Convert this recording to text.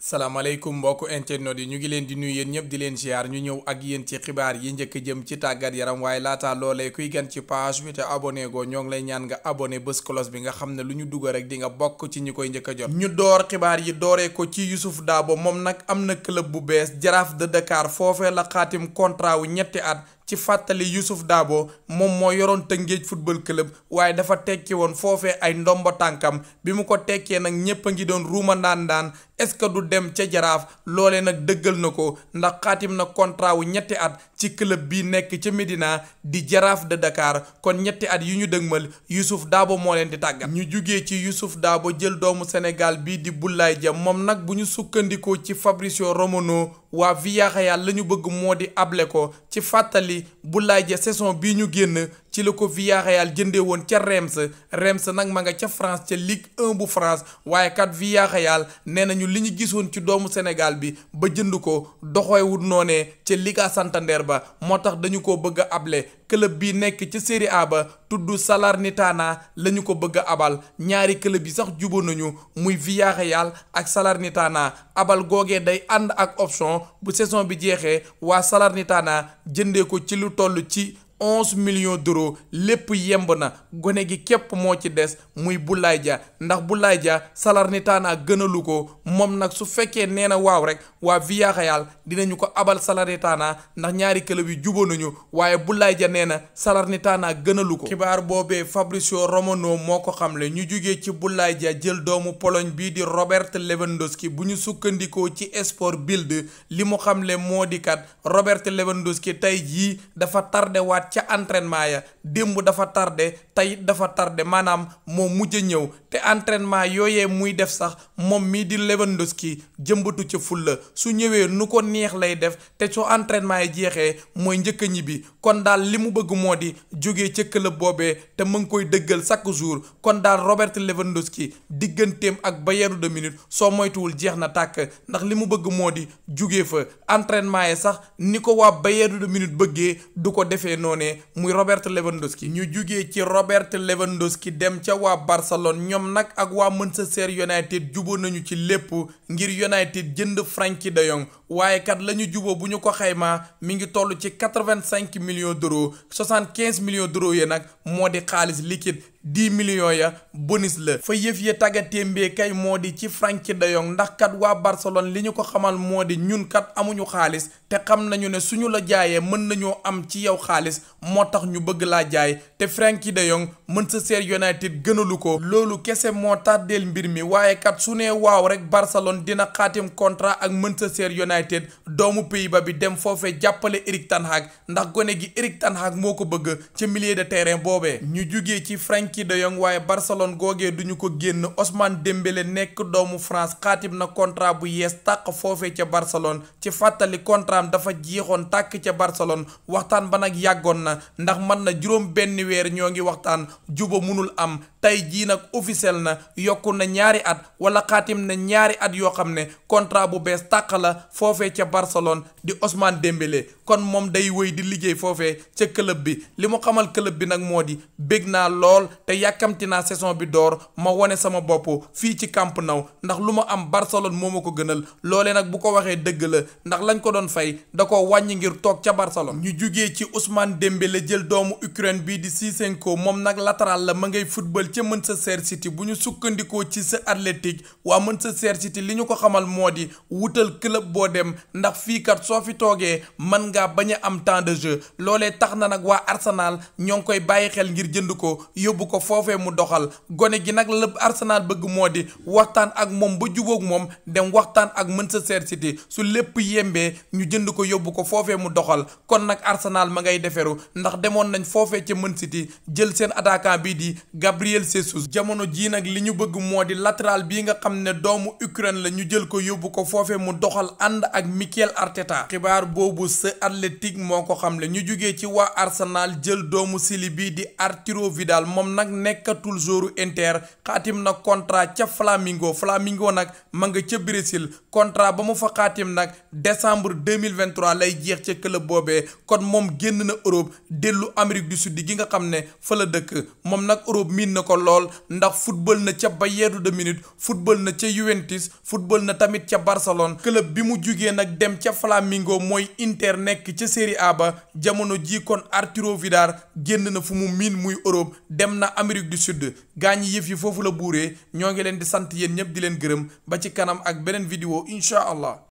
salaamaaleykum mbokk internet yi ñu ngi leen di nuyu yéen ñëpp di leen ziar ñu ñëw ak yéen ci xibaar yi njëkk jëm ci tàggat yaram waaye laata loolee kuy gan ci page bi te abonné goo ñoo ngi lay ñaan nga abonné bés cloche bi nga xam ne lu ñu dugal rek dinga bokk ci ñu koy njëkk a jot ñu door xibaar yi doore ko ci Youssouf Dabo moom nag am na club bu bees Jaraaf de Dakar foofee la xaatim contrat wu ñetti at ci fàttali Youssouf daabo moom moo yoroon Tëngéej football club waaye dafa tekki woon foofee ay ndombo tànkam bi mu ko tekkee nag ñépp a ngi doon ruuma ndaan ndaan est-ce que du dem ca jaraaf loolee nag dëggal na ko ndax xaatim na contrat wu ñetti at ci club bii nekk ca Médina di jaraaf de Dakar kon ñetti at yu ñu dëgmal Youssouf daabo moo leen di tàggat ñu jugee ci Youssouf daabo jël doomu Sénégal bii di bullaay Dia moom nag bu ñu sukkandikoo ci Fabrizio Romano waa Villarreal la ñu bëgg moo di able ko bu Boulaye Dia saison bii ñu génn ci la ko Villarreal jëndee woon ca Reims Reims nag ma nga ca France ca Ligue 1 bu France waaye kat Villarreal nee na ñu li ñu gisoon ci doomu Sénégal bi ba jënd ko doxewut noone ca Liga Santander ba moo tax dañu ko bëgg a able club bi nekk ca Serie A ba tudd Salernitana la ñu ko bëgg a abal ñaari club yi sax jubóo nañu muy Villarreal ak Salernitana abal googee day ànd ak option bu saison bi jeexee waa Salernitana jëndee ko ci lu toll ci onze millions d'euros lépp yemb na gone gi képp moo ci des muy bulaay Dia ndax Boulaye Dia Salernitana gënalu ko moom nag su fekkee nee na waaw rek waa Villarreal dinañu ko abal Salernitana ndax ñaari club yi jubóo ñu waaye Boulaye Dia nee na Salernitana gënalu ko. xibaar boobee Fabrizio Romano moo ko xamle ñu jugee ci bulaay Dia jël doomu poloñ bii di Robert Lewandowski bu ñu sukkandikoo ci Sport Bild li mu xamle moo di kat Robert Lewandowski tey jii ak ca entrainement ya démb dafa tardé tey dafa tardé maanaam moo mujj ñëw te entraînement yooyee muy def sax moom mii di Lewandowski jëmbatu ca fulla su ñëwee nu ko neex lay def te soo entraînement yi jeexee mooy njëkk a ñibbi kon daal li mu bëgg moo di jógee ca club boobee te mu ngi koy dëggal chaque jour kon daal Robert Lewandowski digganteem ak Bayern de Munich soo moytuwul jeex na tàkk ndax li mu bëgg moo di jógee fa entraînement yi sax ni ko waa Bayern noonee muy Robert Lewandowski ñu jógee ci Robert Lewandowski dem ca waa Barcelone ñoom nag ak waa Manchester United juboo nañu ci lépp ngir United jënd Frenkie de Jong waaye kat la ñu juboo bu ñu ko xaymaa mu ngi toll ci quatre-vingt-cinq millions d'euros soixante-quinze millions d'euros yi nag moo di xaalis liquide. dix millions ya bonus la fa yëf ya tàggatémbee kay moo di ci Frenkie de ndax kat waa Barcelone li ñu ko xamal moo di ñun kat amuñu xaalis te xam nañu ne suñu la jaayee mën nañoo am ci yow xaalis moo tax ñu bëgg laa jaay te Frenkie de Jong Manchester United gënalu ko loolu kese moo tardeel mbir mi waaye kat su nee waaw rek Barcelone dina xaatim contrat ak Manchester United doomu pays bi dem foofee jàppale Erik ten ndax gone gi Erik ten moo ko bëgg ci milieu de terrain boobee ñu jugee ci Frenkie de Jong waaye Barcelone googee duñu ko génn osmaan Dembélé nekk doomu France xaatim na contrat bu yees tàq foofee ca Barcelone ci fàttali contrat dafa jeexoon tàkk ca Barcelone waxtaan ba nag yàggoon ndax man na juróom benn weer ñoo ngi waxtaan juba mënul am tey jii nag officiel na yokku na ñaari at wala xaatim na ñaari at yoo xam ne contrat bu bees tàq la foofee ca Barcelone di Ousmane dembele kon moom day wéy di liggéey foofee ca club bi li mu xamal club bi nag moo di bég naa lool te yàkkamti naa saison bi door ma wone sama bopp fii ci Camp naw ndax lu ma am Barcelone moo ma ko gënal loolee nag bu ko waxee dëgg la ndax lañ ko doon fay da ko wàññi ngir toog ca Barcelone ñu jugee ci Ousmane Dembélé jël doomu Ukraine bii di Zinchenko moom nag latéral ma ngay football dugal ca Manchester City bu ñu sukkandikoo ci sa Athletic waa mën sa City li ñu ko xamal moo di wutal club boo dem ndax fiikat soo fi toogee mën ngaa bañ a am temps de jeu loolee tax na nag waa Arsenal ñoo ngi koy bàyyi xel ngir jënd ko yóbbu ko foofee mu doxal gone gi nag lépp Arsenal bëgg moo di waxtaan ak moom ba jubóog moom dem waxtaan ak Manchester City su lépp yembee ñu jënd ko yóbbu ko foofee mu doxal kon nag Arsenal ma ngay deferu ndax demoon nañ foofee ca Man City jël seen attaquant Gabriel Jesus jamono jii nag li ñu bëgg moo di latéral bii nga xam ne doomu Ukraine la ñu jël ko yóbbu ko foofe mu doxal ànd ak Mikel Arteta xibaar boobu sa Atlétique moo ko xam ne ñu jugee ci waa Arsenal jël doomu Sili bi di Arturo Vidal moom nag nekkatul joueur Inter xaatim nag contrat ca Flamengo Flamengo nag ma nga ca Brésil contrat ba mu fa xaatim nag décembre 2023 lay jeex ca club boobee kon moom génn na Europe dellu Amérique du Sud gi nga xam ne fa la dëkk moom nag ko lool ndax football na ca bayeeru de Munich football na ca Juventus football na tamit ca Barcelone club bi mu jugee nag dem ca Flamingo mooy Inter nekk ca Serie A ba jamono jii kon Arturo Vidal génn na fu mu miin muy Europe dem na Amérique du Sud gaañ yëf yi foofu la buuree ñoo ngi leen di sant yéen ñëpp di leen gërëm ba ci kanam ak beneen vidéo incha allah.